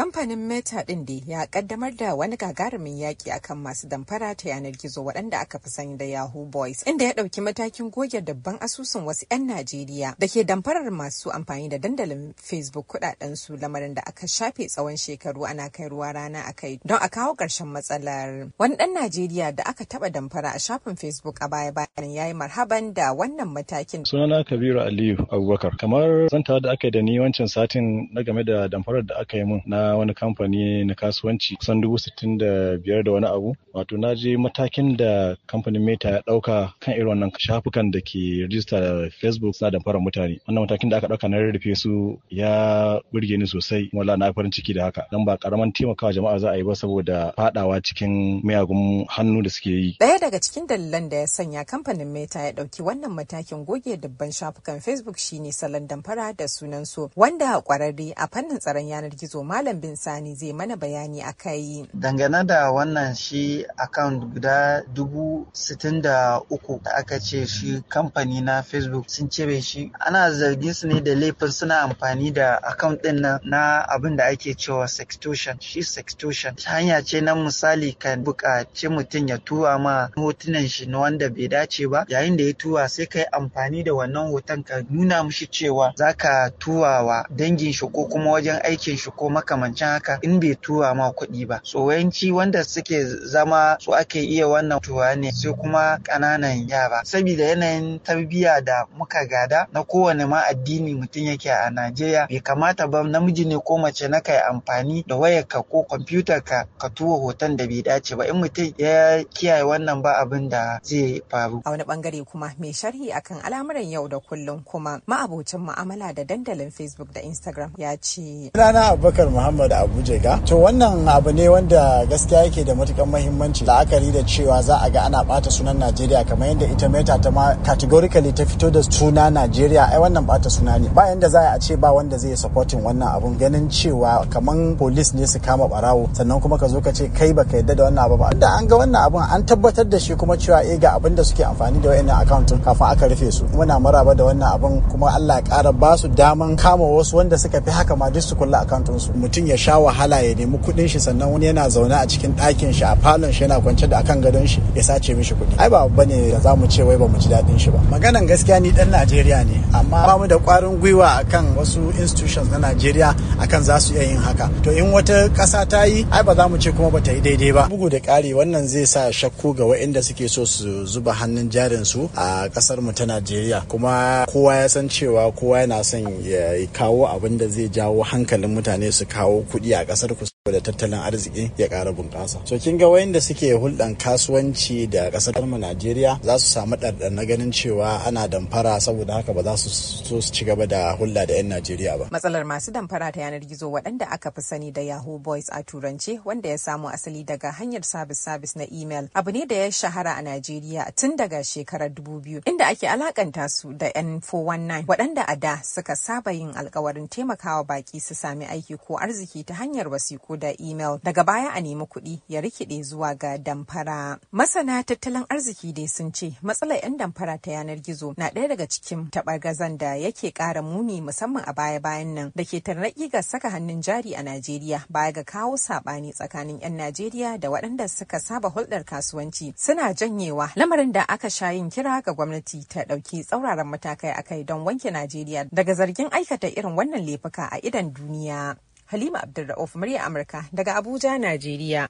Kamfanin Meta din dai ya kaddamar da wani gagarumin yaki akan masu damfara ta yanar gizo waɗanda aka fi sani da Yahoo Boys, inda ya ɗauki matakin goge dabban asusun wasu 'yan Najeriya da ke damfarar masu amfani da dandalin Facebook kuɗaɗen su lamarin da aka shafe tsawon shekaru ana kai ruwa rana a kai don a kawo ƙarshen matsalar. Wani ɗan Najeriya da aka taɓa damfara a shafin Facebook a baya bayan ya yi marhaban da wannan matakin. Sunana Kabiru Aliyu Abubakar. Kamar zanta da aka yi da ni wancan satin na game da damfarar da aka yi mun na na wani kamfani na kasuwanci kusan dubu sittin da biyar da wani abu wato na je matakin da kamfanin meta ya dauka kan irin wannan shafukan da ke rijista da facebook suna damfarar mutane wannan matakin da aka dauka na rarrafe su ya burge ni sosai wala na farin ciki da haka dan ba karaman taimakawa jama'a za a yi ba saboda fadawa cikin miyagun hannu da suke yi daya daga cikin dalilan da ya sanya kamfanin meta ya dauki wannan matakin goge dabban shafukan facebook shine salon damfara da sunan su wanda kwararre a fannin tsaron yanar gizo malam abin bin Sani zai mana bayani a kai. Dangane da wannan shi account guda dubu sittin da uku da aka ce shi kamfani na Facebook sun cire shi. Ana zargin su ne da laifin suna amfani da account din nan na abin da ake cewa sextortion. Shi sextortion hanya ce na misali kan buƙaci mutum ya tuwa ma hotunan shi na wanda bai dace ba yayin da ya tuwa, sai ka yi amfani da wannan hoton ka nuna mishi cewa zaka tuwa wa dangin shi ko kuma wajen aikin shi ko makam makamancin haka in bai tura ma kuɗi ba so wanda suke zama su ake iya wannan tura ne sai kuma ƙananan yara saboda yanayin tarbiyya da muka gada na kowane ma addini mutum yake a Najeriya bai kamata ba namiji ne ko mace na kai amfani da ka ko kwamfutar ka ka tura hoton da bai dace ba in mutum ya kiyaye wannan ba abin da zai faru. A wani bangare kuma mai sharhi akan al'amuran yau da kullum kuma ma'abocin mu'amala da dandalin Facebook da Instagram ya ce. Rana Abubakar Muhammad Muhammad ga To wannan abu ne wanda gaskiya yake da matukan mahimmanci la'akari da cewa za a ga ana bata sunan Najeriya kamar yadda ita Meta ta ma categorically ta fito da suna Najeriya ai wannan bata suna ne. Ba yanda za a ce ba wanda zai supporting wannan abun ganin cewa kamar police ne su kama barawo sannan kuma ka zo ka ce kai baka yadda da wannan abu ba. Da an ga wannan abun an tabbatar da shi kuma cewa eh ga abin da suke amfani da wayannan account kafin aka rufe su. Muna maraba da wannan abun kuma Allah ya kara ba su daman kama wasu wanda suka fi haka ma duk su kulla account su. Mutum mutum ya sha wahala ya nemi kuɗin shi sannan wani yana zaune a cikin ɗakin shi a falon shi yana kwance da akan gadon shi ya sace mishi kuɗi ai ba abu da za mu ce wai ba mu ji daɗin shi ba maganan gaskiya ni ɗan Najeriya ne amma ba mu da ƙwarin gwiwa akan wasu institutions na Najeriya akan za su iya yin haka to in wata ƙasa ta yi ai ba za mu ce kuma ba ta yi daidai ba bugu da ƙari wannan zai sa shakku ga waɗanda suke so su zuba hannun jarin su a ƙasar mu ta Najeriya kuma kowa ya san cewa kowa yana son ya kawo abin da zai jawo hankalin mutane su kawo kawo kuɗi a ƙasar da tattalin arziki ya kara bunƙasa so kin ga wayanda suke hulɗan kasuwanci da ƙasar mu Najeriya za su samu ɗarɗar na ganin cewa ana damfara saboda haka ba za su so su ci gaba da hulɗa da 'yan Najeriya ba matsalar masu damfara ta yanar gizo waɗanda aka fi sani da Yahoo Boys a turance wanda ya samu asali daga hanyar sabis sabis na email abu ne da ya shahara a Najeriya tun daga shekarar 2000 inda ake alakanta su da 'yan 419 waɗanda a da suka saba yin alkawarin taimakawa baki su sami aiki ko arziki ta hanyar wasiƙu da email daga baya a nemi kuɗi ya rikide zuwa ga damfara. Masana tattalin arziki dai sun ce matsalar 'yan damfara ta yanar gizo na ɗaya daga cikin taɓargazan da yake ƙara muni musamman a baya-bayan nan da ke tarnaki ga saka hannun jari a Najeriya baya ga kawo saɓani tsakanin 'yan Najeriya da waɗanda suka saba hulɗar kasuwanci suna janyewa lamarin da aka sha yin kira ga gwamnati ta ɗauki tsauraran matakai akai don wanke Najeriya daga zargin aikata irin wannan laifuka a idan duniya. Halima Abdulra'uf murya Amurka daga Abuja, Najeriya.